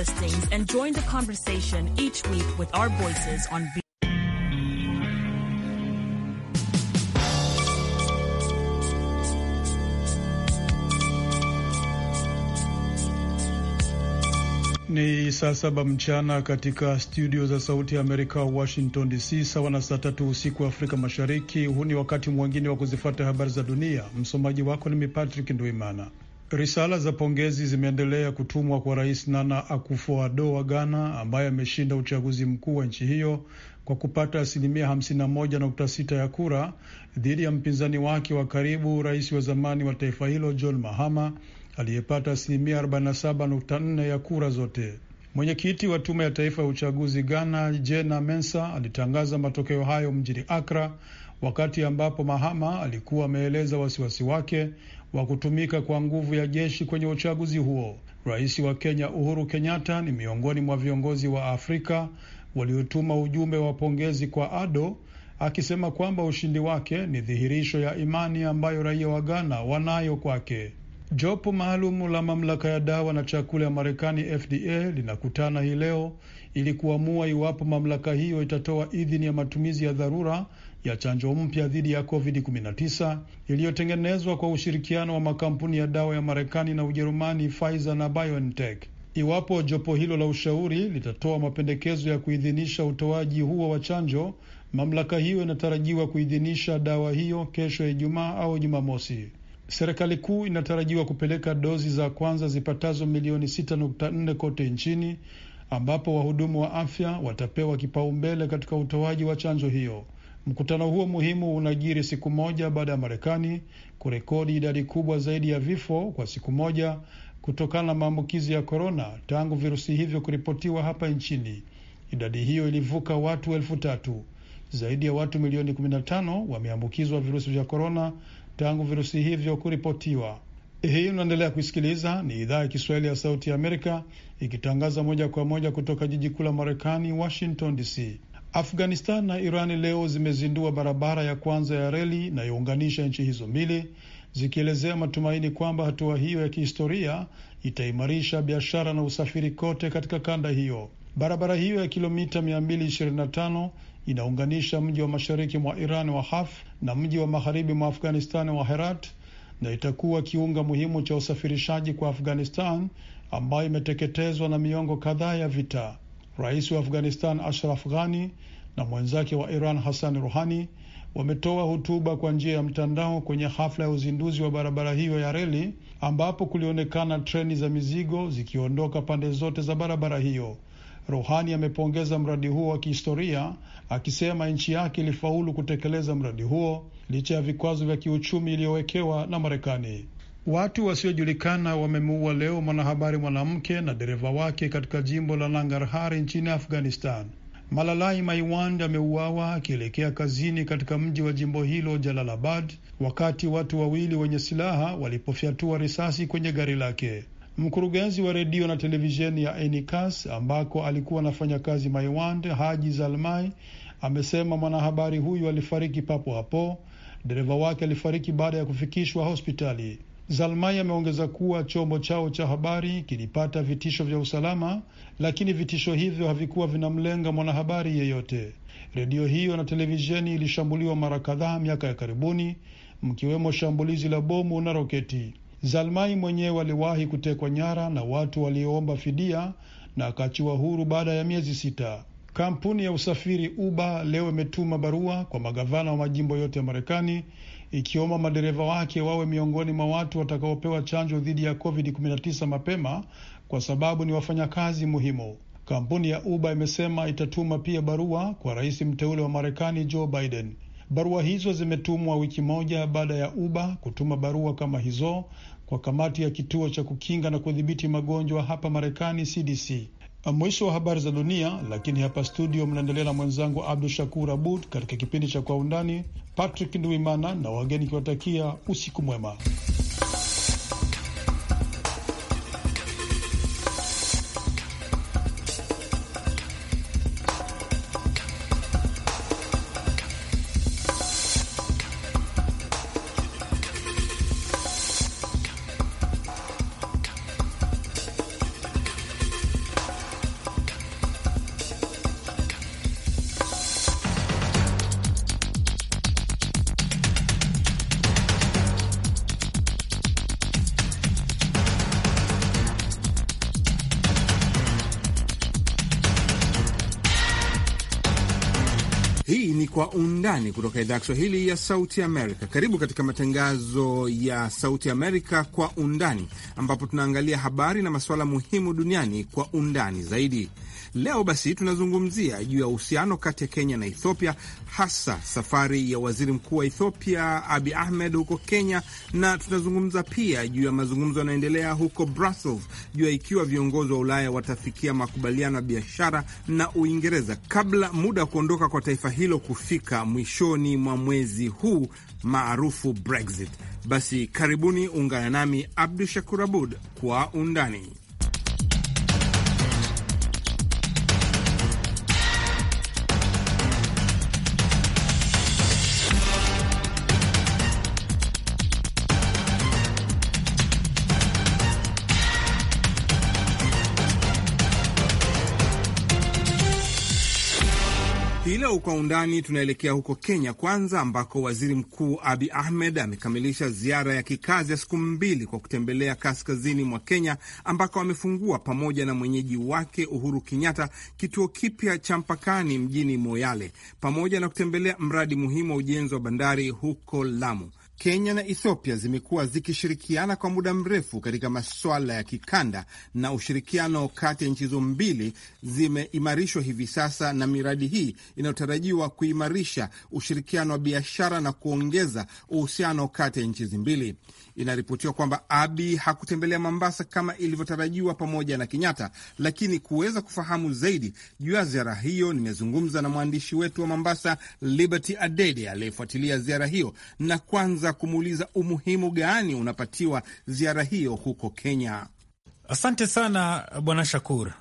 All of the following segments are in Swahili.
listings and join the conversation each week with our voices on B- Ni saa saba mchana katika studio za Sauti ya Amerika, Washington DC, sawa na saa tatu usiku wa Afrika Mashariki. Huu ni wakati mwingine wa kuzifata habari za dunia. Msomaji wako ni mimi Patrick Nduimana. Risala za pongezi zimeendelea kutumwa kwa Rais Nana Akufo-Addo wa Ghana ambaye ameshinda uchaguzi mkuu wa nchi hiyo kwa kupata asilimia 51.6 ya kura dhidi ya mpinzani wake wa karibu, rais wa zamani wa taifa hilo John Mahama aliyepata asilimia 47.4 ya kura zote. Mwenyekiti wa tume ya taifa ya uchaguzi Ghana, Jena Mensa, alitangaza matokeo hayo mjini Akra, wakati ambapo Mahama alikuwa ameeleza wasiwasi wake wa kutumika kwa nguvu ya jeshi kwenye uchaguzi huo. Rais wa Kenya Uhuru Kenyatta ni miongoni mwa viongozi wa Afrika waliotuma ujumbe wa pongezi kwa Ado akisema kwamba ushindi wake ni dhihirisho ya imani ambayo raia wa Ghana wanayo kwake. Jopo maalumu la mamlaka ya dawa na chakula ya Marekani, FDA, linakutana hii leo ili kuamua iwapo mamlaka hiyo itatoa idhini ya matumizi ya dharura ya chanjo mpya dhidi ya COVID-19 iliyotengenezwa kwa ushirikiano wa makampuni ya dawa ya Marekani na Ujerumani Pfizer na BioNTech. Iwapo jopo hilo la ushauri litatoa mapendekezo ya kuidhinisha utoaji huo wa chanjo, mamlaka hiyo inatarajiwa kuidhinisha dawa hiyo kesho ya Ijumaa au Jumamosi. Serikali kuu inatarajiwa kupeleka dozi za kwanza zipatazo milioni 6.4 kote nchini ambapo wahudumu wa afya watapewa kipaumbele katika utoaji wa chanjo hiyo. Mkutano huo muhimu unajiri siku moja baada ya Marekani kurekodi idadi kubwa zaidi ya vifo kwa siku moja kutokana na maambukizi ya korona tangu virusi hivyo kuripotiwa hapa nchini. Idadi hiyo ilivuka watu elfu tatu. Zaidi ya watu milioni 15 wameambukizwa virusi vya korona tangu virusi hivyo kuripotiwa. Hii unaendelea kuisikiliza, ni idhaa ya Kiswahili ya Sauti ya Amerika ikitangaza moja kwa moja kutoka jiji kuu la Marekani, Washington DC. Afghanistan na Irani leo zimezindua barabara ya kwanza ya reli inayounganisha nchi hizo mbili, zikielezea matumaini kwamba hatua hiyo ya kihistoria itaimarisha biashara na usafiri kote katika kanda hiyo. Barabara hiyo ya kilomita 225 inaunganisha mji wa mashariki mwa Iran wa Haf na mji wa magharibi mwa Afghanistani wa Herat na itakuwa kiunga muhimu cha usafirishaji kwa Afghanistan ambayo imeteketezwa na miongo kadhaa ya vita. Rais wa Afghanistan Ashraf Ghani na mwenzake wa Iran Hassan Rouhani wametoa hotuba kwa njia ya mtandao kwenye hafla ya uzinduzi wa barabara hiyo ya reli ambapo kulionekana treni za mizigo zikiondoka pande zote za barabara hiyo. Rouhani amepongeza mradi huo wa kihistoria akisema nchi yake ilifaulu kutekeleza mradi huo licha ya vikwazo vya kiuchumi iliyowekewa na Marekani. Watu wasiojulikana wamemuua leo mwanahabari mwanamke na dereva wake katika jimbo la Nangarhari nchini Afghanistan. Malalai Maiwand ameuawa akielekea kazini katika mji wa jimbo hilo Jalalabad, wakati watu wawili wenye silaha walipofyatua risasi kwenye gari lake. Mkurugenzi wa redio na televisheni ya Enikas ambako alikuwa anafanya kazi Maiwand, Haji Zalmai, amesema mwanahabari huyu alifariki papo hapo. Dereva wake alifariki baada ya kufikishwa hospitali. Zalmai ameongeza kuwa chombo chao cha habari kilipata vitisho vya usalama, lakini vitisho hivyo havikuwa vinamlenga mwanahabari yeyote. Redio hiyo na televisheni ilishambuliwa mara kadhaa miaka ya karibuni, mkiwemo shambulizi la bomu na roketi. Zalmai mwenyewe aliwahi kutekwa nyara na watu walioomba fidia na akaachiwa huru baada ya miezi sita. Kampuni ya usafiri Uber leo imetuma barua kwa magavana wa majimbo yote ya Marekani ikiomba madereva wake wawe miongoni mwa watu watakaopewa chanjo dhidi ya COVID-19 mapema kwa sababu ni wafanyakazi muhimu. Kampuni ya Uber imesema itatuma pia barua kwa rais mteule wa Marekani Joe Biden. Barua hizo zimetumwa wiki moja baada ya Uber kutuma barua kama hizo kwa kamati ya kituo cha kukinga na kudhibiti magonjwa hapa Marekani, CDC. Mwisho wa habari za dunia, lakini hapa studio mnaendelea na mwenzangu Abdu Shakur Abud katika kipindi cha Kwa Undani. Patrick Nduimana na wageni kiwatakia usiku mwema. Undani kutoka idhaa ya Kiswahili ya Sauti Amerika. Karibu katika matangazo ya Sauti Amerika Kwa Undani, ambapo tunaangalia habari na masuala muhimu duniani kwa undani zaidi. Leo basi tunazungumzia juu ya uhusiano kati ya Kenya na Ethiopia, hasa safari ya waziri mkuu wa Ethiopia Abi Ahmed huko Kenya, na tunazungumza pia juu ya mazungumzo yanaendelea huko Brussels juu ya ikiwa viongozi wa Ulaya watafikia makubaliano ya biashara na Uingereza kabla muda wa kuondoka kwa taifa hilo kufika mwishoni mwa mwezi huu maarufu Brexit. Basi karibuni, ungana nami Abdu Shakur Abud kwa undani. Leo kwa undani tunaelekea huko Kenya kwanza, ambako waziri mkuu Abi Ahmed amekamilisha ziara ya kikazi ya siku mbili kwa kutembelea kaskazini mwa Kenya, ambako amefungua pamoja na mwenyeji wake Uhuru Kenyatta kituo kipya cha mpakani mjini Moyale, pamoja na kutembelea mradi muhimu wa ujenzi wa bandari huko Lamu. Kenya na Ethiopia zimekuwa zikishirikiana kwa muda mrefu katika masuala ya kikanda, na ushirikiano kati ya nchi hizo mbili zimeimarishwa hivi sasa, na miradi hii inayotarajiwa kuimarisha ushirikiano wa biashara na kuongeza uhusiano kati ya nchi hizi mbili. Inaripotiwa kwamba Abi hakutembelea Mombasa kama ilivyotarajiwa pamoja na Kenyatta, lakini kuweza kufahamu zaidi juu ya ziara hiyo, nimezungumza na mwandishi wetu wa Mombasa Liberty Adede aliyefuatilia ziara hiyo, na kwanza kumuuliza umuhimu gani unapatiwa ziara hiyo huko Kenya. Asante sana Bwana Shakur.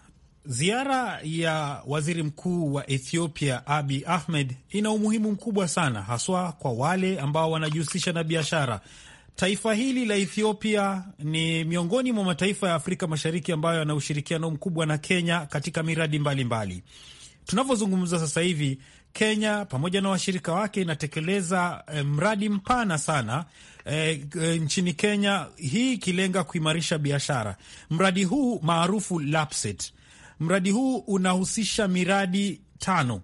Ziara ya waziri mkuu wa Ethiopia Abi Ahmed ina umuhimu mkubwa sana, haswa kwa wale ambao wanajihusisha na biashara Taifa hili la Ethiopia ni miongoni mwa mataifa ya Afrika Mashariki ambayo yana ushirikiano mkubwa na Kenya katika miradi mbalimbali. Tunavyozungumza sasa hivi, Kenya pamoja na washirika wake inatekeleza eh, mradi mpana sana eh, eh nchini Kenya, hii ikilenga kuimarisha biashara. Mradi huu maarufu LAPSSET, mradi huu unahusisha miradi tano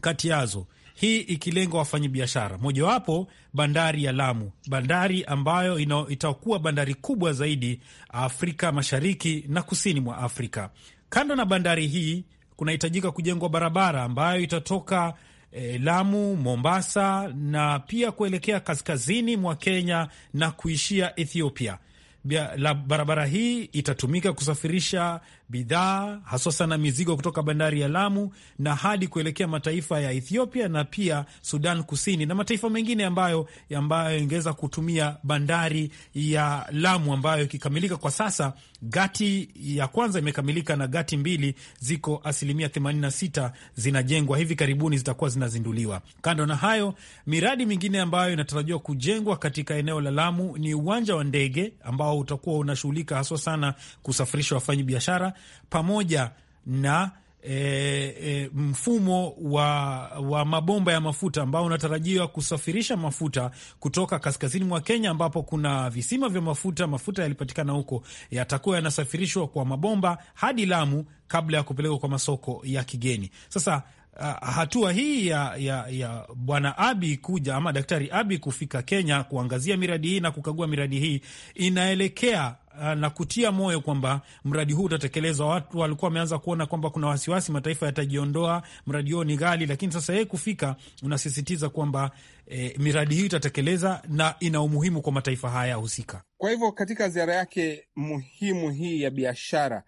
kati yazo hii ikilenga wafanyabiashara, mojawapo bandari ya Lamu, bandari ambayo ino, itakuwa bandari kubwa zaidi Afrika Mashariki na kusini mwa Afrika. Kando na bandari hii kunahitajika kujengwa barabara ambayo itatoka eh, Lamu, Mombasa na pia kuelekea kaskazini mwa Kenya na kuishia Ethiopia. Bia, la barabara hii itatumika kusafirisha bidhaa haswa sana mizigo kutoka bandari ya Lamu na hadi kuelekea mataifa ya Ethiopia na pia Sudan Kusini na mataifa mengine ambayo ambayo ingeweza kutumia bandari ya Lamu ambayo ikikamilika kwa sasa, gati ya kwanza imekamilika na gati mbili ziko asilimia 86 zinajengwa, hivi karibuni zitakuwa zinazinduliwa. Kando na hayo, miradi mingine ambayo inatarajiwa kujengwa katika eneo la Lamu ni uwanja wa ndege ambao utakuwa unashughulika haswa sana kusafirisha wafanyi biashara pamoja na e, e, mfumo wa, wa mabomba ya mafuta ambao unatarajiwa kusafirisha mafuta kutoka kaskazini mwa Kenya ambapo kuna visima vya mafuta, mafuta yalipatikana huko, yatakuwa yanasafirishwa kwa mabomba hadi Lamu kabla ya kupelekwa kwa masoko ya kigeni. Sasa ah, hatua hii ya, ya, ya Bwana Abi kuja ama Daktari Abi kufika Kenya kuangazia miradi hii na kukagua miradi hii inaelekea Ah, na kutia moyo kwamba mradi huu utatekelezwa. Watu walikuwa wameanza kuona kwamba kuna wasiwasi mataifa yatajiondoa, mradi huo ni ghali, lakini sasa yeye kufika unasisitiza kwamba e, miradi hii itatekeleza na ina umuhimu kwa mataifa haya husika. Kwa hivyo katika ziara yake muhimu hii ya biashara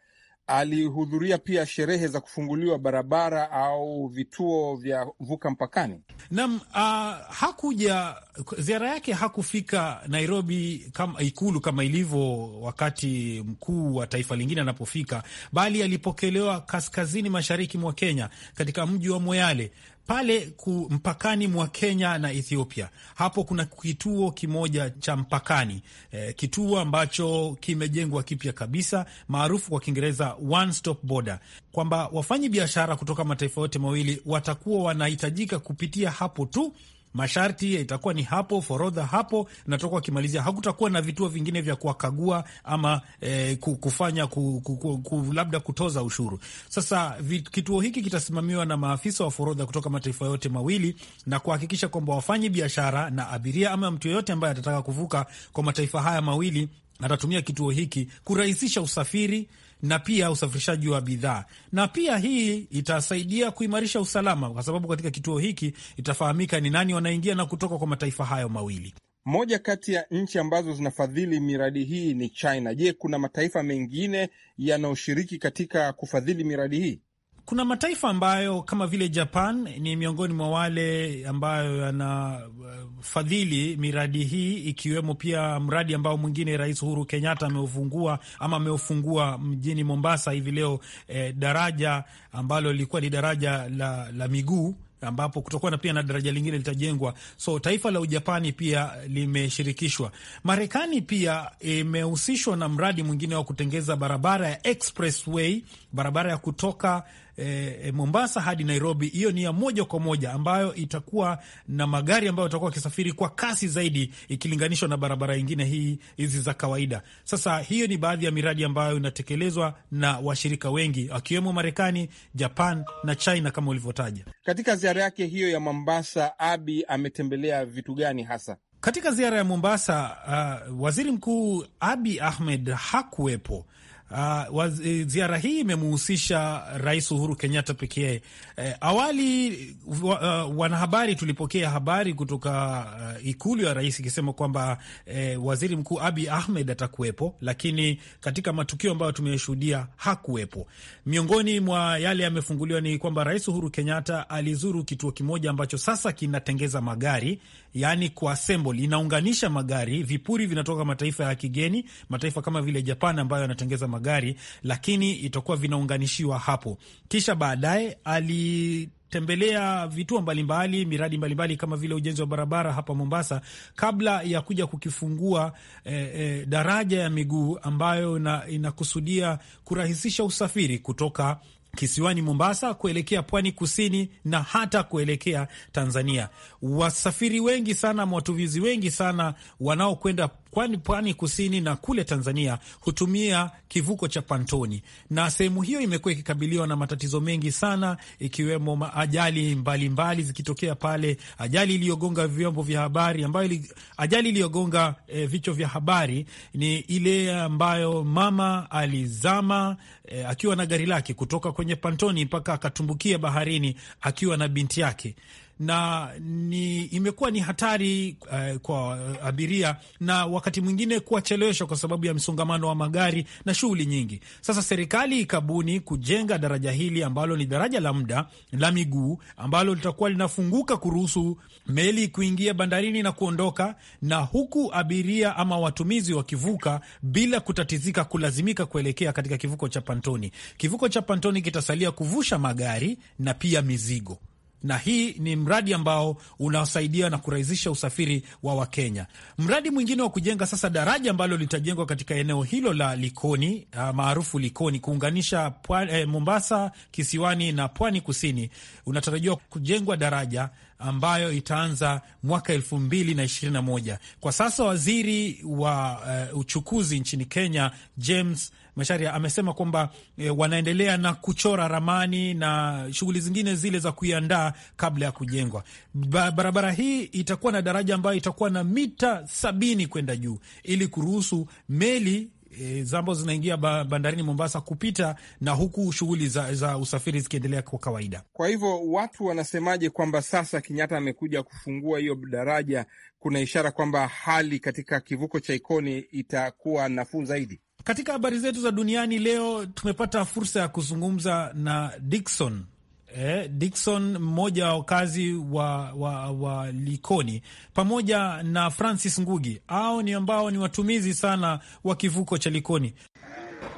alihudhuria pia sherehe za kufunguliwa barabara au vituo vya vuka mpakani. Naam, uh, hakuja ziara yake hakufika Nairobi kama Ikulu kama ilivyo wakati mkuu wa taifa lingine anapofika, bali alipokelewa kaskazini mashariki mwa Kenya katika mji wa Moyale pale mpakani mwa Kenya na Ethiopia. Hapo kuna kituo kimoja cha mpakani e, kituo ambacho kimejengwa kipya kabisa maarufu kwa Kiingereza one stop border, kwamba wafanyi biashara kutoka mataifa yote mawili watakuwa wanahitajika kupitia hapo tu masharti itakuwa ni hapo, forodha hapo, natoka wakimalizia. kimalizia. Hakutakuwa na vituo vingine vya kuwakagua ama e, kufanya ku, ku, ku, ku, labda kutoza ushuru. Sasa kituo hiki kitasimamiwa na maafisa wa forodha kutoka mataifa yote mawili na kuhakikisha kwamba wafanyi biashara na abiria ama mtu yoyote ambaye atataka kuvuka kwa mataifa haya mawili atatumia kituo hiki kurahisisha usafiri na pia usafirishaji wa bidhaa, na pia hii itasaidia kuimarisha usalama, kwa sababu katika kituo hiki itafahamika ni nani wanaingia na kutoka kwa mataifa hayo mawili. Moja kati ya nchi ambazo zinafadhili miradi hii ni China. Je, kuna mataifa mengine yanayoshiriki katika kufadhili miradi hii? Kuna mataifa ambayo kama vile Japan ni miongoni mwa wale ambayo yanafadhili uh, miradi hii, ikiwemo pia mradi ambao mwingine Rais Uhuru Kenyatta ameufungua ama ameufungua mjini Mombasa hivi leo, eh, daraja ambalo lilikuwa ni daraja la, la miguu ambapo kutakuwa na pia na daraja lingine litajengwa. So taifa la Ujapani pia limeshirikishwa. Marekani pia imehusishwa e, na mradi mwingine wa kutengeza barabara ya expressway, barabara ya kutoka E, Mombasa hadi Nairobi. Hiyo ni ya moja kwa moja ambayo itakuwa na magari ambayo itakuwa akisafiri kwa kasi zaidi ikilinganishwa na barabara nyingine hii hizi za kawaida. Sasa hiyo ni baadhi ya miradi ambayo inatekelezwa na washirika wengi akiwemo Marekani, Japan na China kama ulivyotaja katika ziara yake hiyo ya Mombasa, Abi ametembelea vitu gani hasa? Katika ziara ya Mombasa, uh, waziri mkuu Abi Ahmed hakuwepo, Uh, waz, eh, ziara hii imemuhusisha Rais Uhuru Kenyatta pekee. Eh, awali wa, uh, wanahabari tulipokea habari kutoka uh, ikulu ya rais ikisema kwamba eh, waziri mkuu Abi Ahmed atakuwepo, lakini katika matukio ambayo tumeshuhudia hakuwepo. Miongoni mwa yale yamefunguliwa ni kwamba Rais Uhuru Kenyatta alizuru kituo kimoja ambacho sasa kinatengeza magari yaani kuassemble, inaunganisha magari. Vipuri vinatoka mataifa ya kigeni, mataifa kama vile Japan ambayo yanatengeza magari, lakini itakuwa vinaunganishiwa hapo, kisha baadaye ali tembelea vituo mbalimbali miradi mbalimbali mbali, kama vile ujenzi wa barabara hapa Mombasa kabla ya kuja kukifungua eh, eh, daraja ya miguu ambayo inakusudia kurahisisha usafiri kutoka kisiwani Mombasa kuelekea pwani kusini na hata kuelekea Tanzania. Wasafiri wengi sana, watumizi wengi sana wanaokwenda kwani pwani kusini na kule Tanzania hutumia kivuko cha pantoni, na sehemu hiyo imekuwa ikikabiliwa na matatizo mengi sana, ikiwemo ajali mbalimbali zikitokea pale, ajali iliyogonga vyombo vya habari ambayo ili, ajali iliyogonga e, vichwa vya habari ni ile ambayo mama alizama e, akiwa na gari lake kutoka kwenye pantoni mpaka akatumbukia baharini akiwa na binti yake na ni, imekuwa ni hatari uh, kwa abiria na wakati mwingine kuwachelewesha kwa sababu ya msongamano wa magari na shughuli nyingi. Sasa serikali ikabuni kujenga daraja hili ambalo ni daraja la muda la miguu ambalo litakuwa linafunguka kuruhusu meli kuingia bandarini na kuondoka, na huku abiria ama watumizi wakivuka bila kutatizika kulazimika kuelekea katika kivuko cha Pantoni. Kivuko cha Pantoni kitasalia kuvusha magari na pia mizigo na hii ni mradi ambao unasaidia na kurahisisha usafiri wa Wakenya. Mradi mwingine wa kujenga sasa daraja ambalo litajengwa katika eneo hilo la Likoni ah, maarufu Likoni, kuunganisha pwani, eh, Mombasa kisiwani na pwani kusini, unatarajiwa kujengwa daraja ambayo itaanza mwaka elfu mbili na ishirini na moja. Kwa sasa waziri wa uh, uchukuzi nchini Kenya James Masharia amesema kwamba e, wanaendelea na kuchora ramani na shughuli zingine zile za kuiandaa kabla ya kujengwa barabara hii. Itakuwa na daraja ambayo itakuwa na mita sabini kwenda juu ili kuruhusu meli E, eh, zambo zinaingia bandarini Mombasa kupita na huku shughuli za, za usafiri zikiendelea kwa kawaida. Kwa hivyo watu wanasemaje kwamba sasa Kenyatta amekuja kufungua hiyo daraja, kuna ishara kwamba hali katika kivuko cha Ikoni itakuwa nafuu zaidi. Katika habari zetu za duniani leo tumepata fursa ya kuzungumza na dikson eh, Dikson mmoja wa wakazi wa, wa, wa Likoni pamoja na Francis Ngugi au ni ambao ni watumizi sana wa kivuko cha Likoni.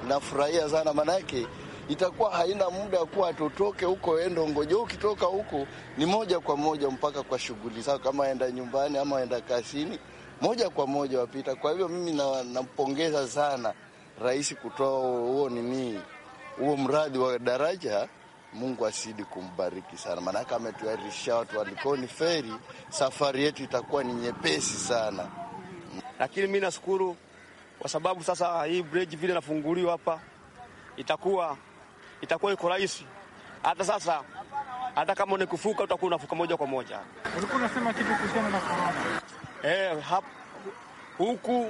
Nafurahia sana manake itakuwa haina muda kuwa tutoke huko endo eh, ngoja. Ukitoka huko ni moja kwa moja mpaka kwa shughuli zao, kama enda nyumbani ama enda kasini, moja kwa moja wapita. Kwa hivyo mimi nampongeza na sana rais kutoa huo nini huo mradi wa daraja. Mungu asidi kumbariki sana, maanake ametuarisha watu walikoni feri, safari yetu itakuwa ni nyepesi sana. Lakini mi nashukuru kwa sababu sasa hii bridge vile nafunguliwa hapa, itakuwa itakuwa iko rahisi. Hata sasa hata kama kufuka utakuwa unafuka moja kwa moja. Ulikuwa unasema kitu kuhusiana na corona? eh? Huku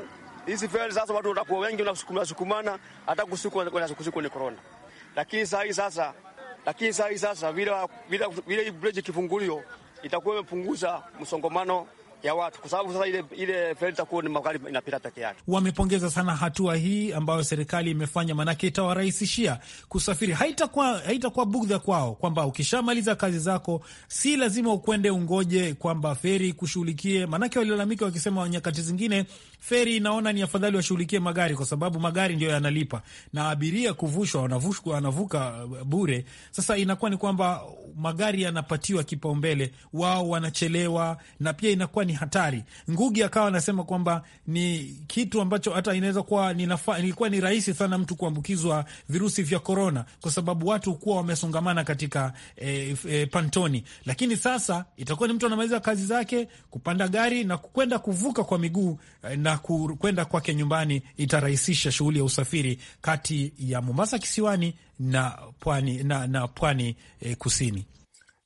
hizi feri sasa, watu watakuwa wengi, sukumana hata kusiku ni korona. Lakini saa hii sasa, lakini saa hii sasa, vile vile bridge kifungulio itakuwa imepunguza msongomano ya watu, kwa sababu sasa ile ile feri itakuwa ni magari inapita peke yake. Wamepongeza sana hatua hii ambayo serikali imefanya, maanake itawarahisishia kusafiri, haitakuwa haitakuwa bugdha kwao, kwamba ukishamaliza kazi zako si lazima ukwende ungoje kwamba feri kushughulikie. Maanake walilalamika wakisema, nyakati zingine feri inaona ni afadhali washughulikie magari, kwa sababu magari ndio yanalipa na abiria kuvushwa, wanavushwa wanavuka bure. Sasa inakuwa ni kwamba magari yanapatiwa kipaumbele, wao wanachelewa, na pia inakuwa ni hatari. Ngugi akawa anasema kwamba ni kitu ambacho hata inaweza kuwa ilikuwa ni rahisi sana mtu kuambukizwa virusi vya korona, kwa sababu watu kuwa wamesongamana katika e, e, pantoni. Lakini sasa itakuwa ni mtu anamaliza kazi zake kupanda gari na kwenda kuvuka kwa miguu eh, na kwenda kwake nyumbani, itarahisisha shughuli ya usafiri kati ya Mombasa kisiwani na pwani na, na pwani e, kusini.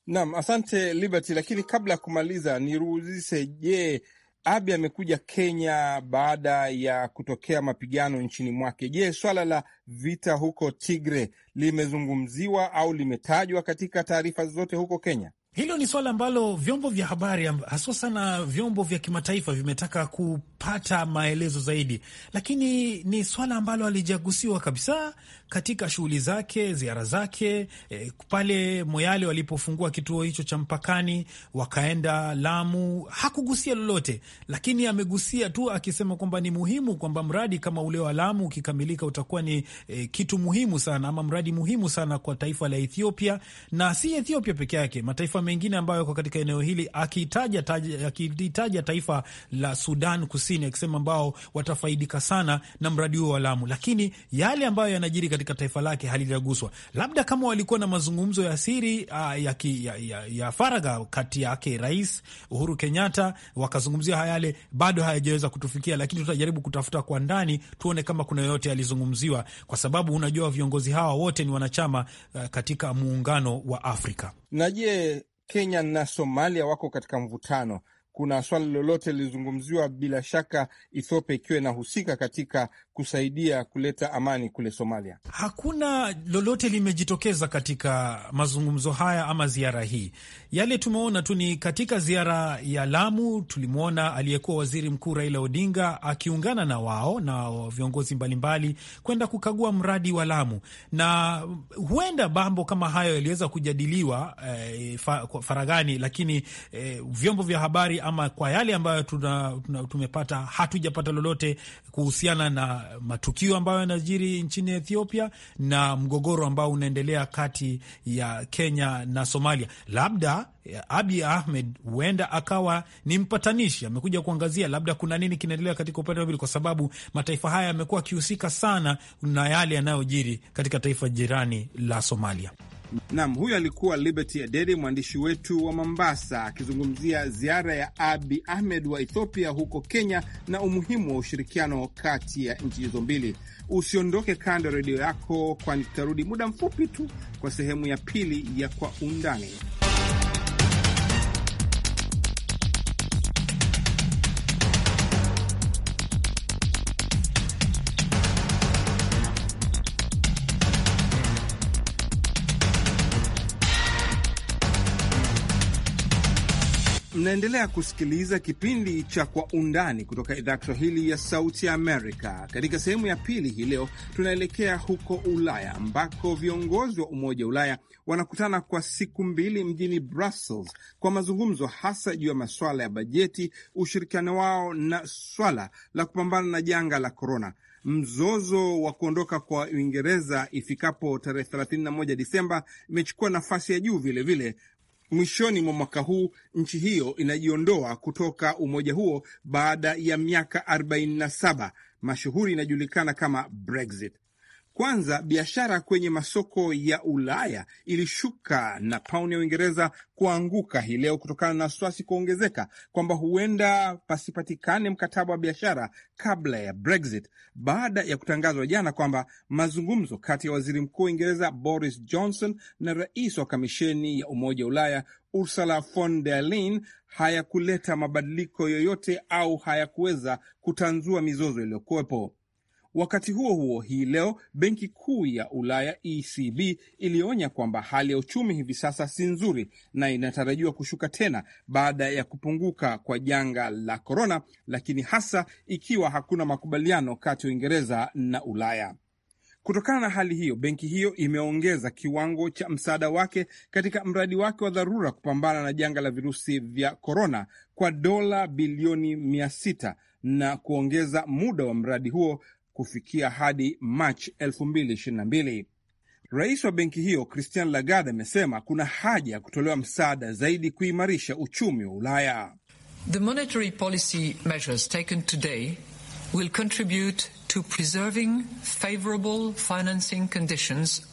Naam, asante Liberty. Lakini kabla ya kumaliza nirudishe, je, Abi amekuja Kenya baada ya kutokea mapigano nchini mwake. Je, swala la vita huko Tigre limezungumziwa au limetajwa katika taarifa zozote huko Kenya? Hilo ni suala ambalo vyombo vya habari haswa sana vyombo vya kimataifa vimetaka kupata maelezo zaidi, lakini ni swala ambalo alijagusiwa kabisa katika shughuli zake, ziara zake e, pale Moyale walipofungua kituo hicho cha mpakani, wakaenda Lamu, hakugusia lolote, lakini amegusia tu akisema kwamba ni muhimu kwamba mradi kama ule wa Lamu ukikamilika utakuwa ni e, kitu muhimu sana ama mradi muhimu sana kwa taifa la Ethiopia, na si Ethiopia peke yake, mataifa mengine ambayo yako katika eneo hili, akiitaja akilitaja taifa la Sudan Kusini, akisema ambao watafaidika sana na mradi huo wa Lamu, lakini yale ambayo yanajiri katika taifa lake halijaguswa. Labda kama walikuwa na mazungumzo ya siri uh, ya, ki, ya, ya, ya faraga kati yake Rais Uhuru Kenyatta, wakazungumzia hayale, bado hayajaweza kutufikia, lakini tutajaribu kutafuta kwa ndani tuone kama kuna yoyote yalizungumziwa, kwa sababu unajua viongozi hawa wote ni wanachama uh, katika muungano wa Afrika. Na je, Kenya na Somalia wako katika mvutano kuna swala lolote lilizungumziwa, bila shaka Ethiopia ikiwa inahusika katika kusaidia kuleta amani kule Somalia. Hakuna lolote limejitokeza katika mazungumzo haya ama ziara hii. Yale tumeona tu ni katika ziara ya Lamu, tulimwona aliyekuwa waziri mkuu Raila Odinga akiungana na wao na viongozi mbalimbali kwenda kukagua mradi wa Lamu, na huenda mambo kama hayo yaliweza kujadiliwa eh, faragani, lakini eh, vyombo vya habari ama kwa yale ambayo tuna, tuna, tumepata hatujapata lolote kuhusiana na matukio ambayo yanajiri nchini Ethiopia na mgogoro ambao unaendelea kati ya Kenya na Somalia. Labda eh, Abi Ahmed huenda akawa ni mpatanishi, amekuja kuangazia labda kuna nini kinaendelea katika upande wa pili, kwa sababu mataifa haya yamekuwa akihusika sana na yale yanayojiri katika taifa jirani la Somalia. Nam, huyu alikuwa Liberty Adede, mwandishi wetu wa Mombasa, akizungumzia ziara ya Abi Ahmed wa Ethiopia huko Kenya na umuhimu wa ushirikiano kati ya nchi hizo mbili. Usiondoke kando ya redio yako, kwani tutarudi muda mfupi tu kwa sehemu ya pili ya Kwa Undani. Unaendelea kusikiliza kipindi cha Kwa Undani kutoka idhaa Kiswahili ya Sauti ya Amerika. Katika sehemu ya pili hii leo, tunaelekea huko Ulaya ambako viongozi wa Umoja wa Ulaya wanakutana kwa siku mbili mjini Brussels kwa mazungumzo hasa juu ya masuala ya bajeti, ushirikiano wao na swala la kupambana na janga la korona. Mzozo wa kuondoka kwa Uingereza ifikapo tarehe 31 Disemba imechukua nafasi ya juu vilevile Mwishoni mwa mwaka huu nchi hiyo inajiondoa kutoka umoja huo baada ya miaka 47 mashuhuri inajulikana kama Brexit. Kwanza, biashara kwenye masoko ya Ulaya ilishuka na pauni ya Uingereza kuanguka hii leo kutokana na wasiwasi kuongezeka kwamba huenda pasipatikane mkataba wa biashara kabla ya Brexit, baada ya kutangazwa jana kwamba mazungumzo kati ya waziri mkuu wa Uingereza Boris Johnson na rais wa kamisheni ya Umoja wa Ulaya Ursula von der Leyen hayakuleta mabadiliko yoyote au hayakuweza kutanzua mizozo iliyokuwepo. Wakati huo huo, hii leo benki kuu ya Ulaya ECB ilionya kwamba hali ya uchumi hivi sasa si nzuri na inatarajiwa kushuka tena baada ya kupunguka kwa janga la korona, lakini hasa ikiwa hakuna makubaliano kati ya Uingereza na Ulaya. Kutokana na hali hiyo, benki hiyo imeongeza kiwango cha msaada wake katika mradi wake wa dharura kupambana na janga la virusi vya korona kwa dola bilioni mia sita na kuongeza muda wa mradi huo kufikia hadi Machi 2022. Rais wa benki hiyo Christian Lagarde amesema kuna haja ya kutolewa msaada zaidi kuimarisha uchumi wa Ulaya. The monetary policy measures taken today will contribute to preserving favorable financing conditions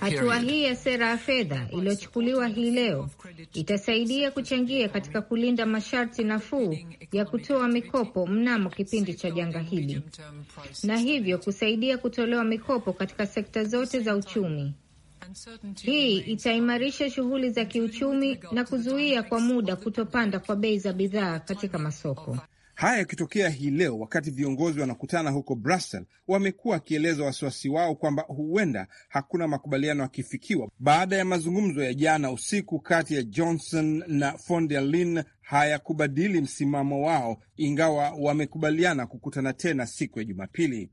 Hatua hii ya sera ya fedha iliyochukuliwa hii leo itasaidia kuchangia katika kulinda masharti nafuu ya kutoa mikopo mnamo kipindi cha janga hili, na hivyo kusaidia kutolewa mikopo katika sekta zote za uchumi. Hii itaimarisha shughuli za kiuchumi na kuzuia kwa muda kutopanda kwa bei za bidhaa katika masoko. Haya yakitokea hii leo wakati viongozi wanakutana huko Brussels, wamekuwa wakieleza wasiwasi wao kwamba huenda hakuna makubaliano yakifikiwa baada ya mazungumzo ya jana usiku kati ya Johnson na von der Leyen hayakubadili msimamo wao, ingawa wamekubaliana kukutana tena siku ya Jumapili.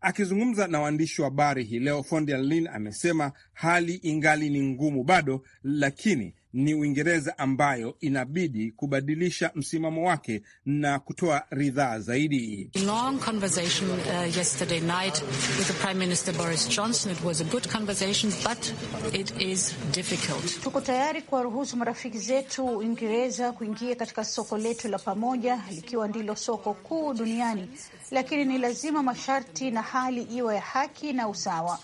Akizungumza na waandishi wa habari hii leo, von der Leyen amesema hali ingali ni ngumu bado, lakini ni Uingereza ambayo inabidi kubadilisha msimamo wake na kutoa ridhaa zaidi. Tuko tayari kuwaruhusu marafiki zetu Uingereza kuingia katika soko letu la pamoja, likiwa ndilo soko kuu duniani, lakini ni lazima masharti na hali iwe ya haki na usawa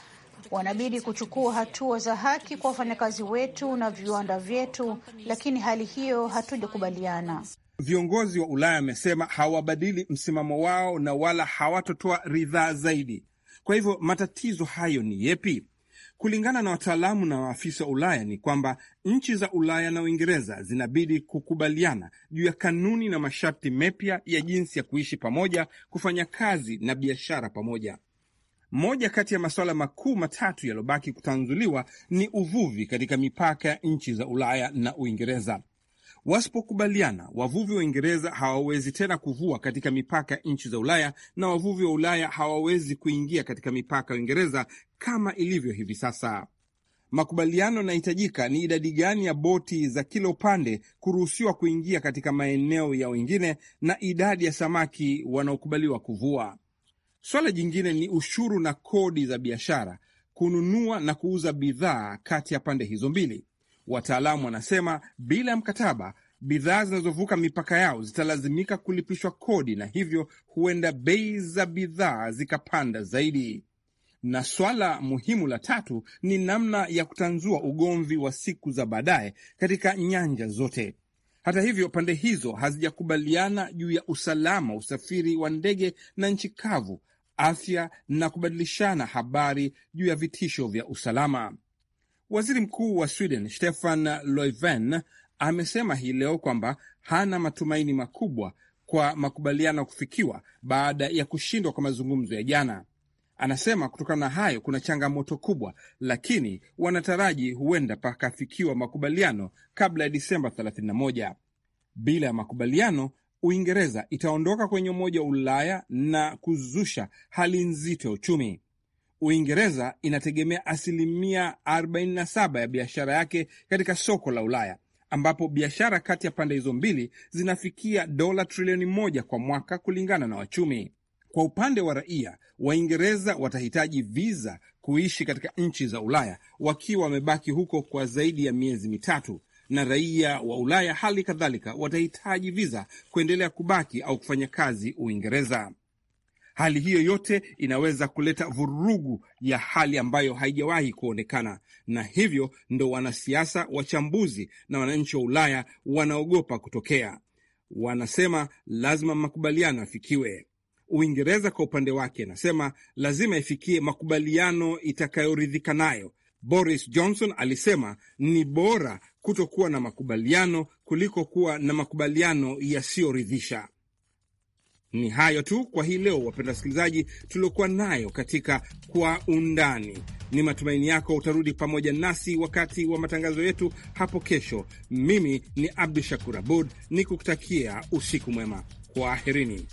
wanabidi kuchukua hatua za haki kwa wafanyakazi wetu na viwanda vyetu, lakini hali hiyo hatujakubaliana. Viongozi wa Ulaya wamesema hawabadili msimamo wao na wala hawatotoa ridhaa zaidi. Kwa hivyo matatizo hayo ni yepi? Kulingana na wataalamu na waafisa wa Ulaya ni kwamba nchi za Ulaya na Uingereza zinabidi kukubaliana juu ya kanuni na masharti mapya ya jinsi ya kuishi pamoja, kufanya kazi na biashara pamoja. Moja kati ya masuala makuu matatu yaliyobaki kutanzuliwa ni uvuvi katika mipaka ya nchi za Ulaya na Uingereza. Wasipokubaliana, wavuvi wa Uingereza hawawezi tena kuvua katika mipaka ya nchi za Ulaya na wavuvi wa Ulaya hawawezi kuingia katika mipaka ya Uingereza kama ilivyo hivi sasa. Makubaliano yanahitajika ni idadi gani ya boti za kila upande kuruhusiwa kuingia katika maeneo ya wengine na idadi ya samaki wanaokubaliwa kuvua. Swala jingine ni ushuru na kodi za biashara, kununua na kuuza bidhaa kati ya pande hizo mbili. Wataalamu wanasema bila ya mkataba, bidhaa zinazovuka mipaka yao zitalazimika kulipishwa kodi, na hivyo huenda bei za bidhaa zikapanda zaidi. Na swala muhimu la tatu ni namna ya kutanzua ugomvi wa siku za baadaye katika nyanja zote. Hata hivyo, pande hizo hazijakubaliana juu ya usalama, usafiri wa ndege na nchi kavu afya na kubadilishana habari juu ya vitisho vya usalama. Waziri Mkuu wa Sweden Stefan Loven amesema hii leo kwamba hana matumaini makubwa kwa makubaliano kufikiwa baada ya kushindwa kwa mazungumzo ya jana. Anasema kutokana na hayo kuna changamoto kubwa, lakini wanataraji huenda pakafikiwa makubaliano kabla ya Disemba 31. Bila ya makubaliano Uingereza itaondoka kwenye Umoja wa Ulaya na kuzusha hali nzito ya uchumi. Uingereza inategemea asilimia 47 ya biashara yake katika soko la Ulaya, ambapo biashara kati ya pande hizo mbili zinafikia dola trilioni moja kwa mwaka, kulingana na wachumi. Kwa upande wa raia Waingereza watahitaji viza kuishi katika nchi za Ulaya wakiwa wamebaki huko kwa zaidi ya miezi mitatu, na raia wa Ulaya hali kadhalika watahitaji viza kuendelea kubaki au kufanya kazi Uingereza. Hali hiyo yote inaweza kuleta vurugu ya hali ambayo haijawahi kuonekana, na hivyo ndo wanasiasa, wachambuzi na wananchi wa Ulaya wanaogopa kutokea. Wanasema lazima makubaliano yafikiwe. Uingereza kwa upande wake inasema lazima ifikie makubaliano itakayoridhika nayo. Boris Johnson alisema ni bora kutokuwa na makubaliano kuliko kuwa na makubaliano yasiyoridhisha. Ni hayo tu kwa hii leo, wapenda wasikilizaji, tuliokuwa nayo katika Kwa Undani. Ni matumaini yako utarudi pamoja nasi wakati wa matangazo yetu hapo kesho. Mimi ni Abdu Shakur Abud, ni kukutakia usiku mwema. Kwaherini.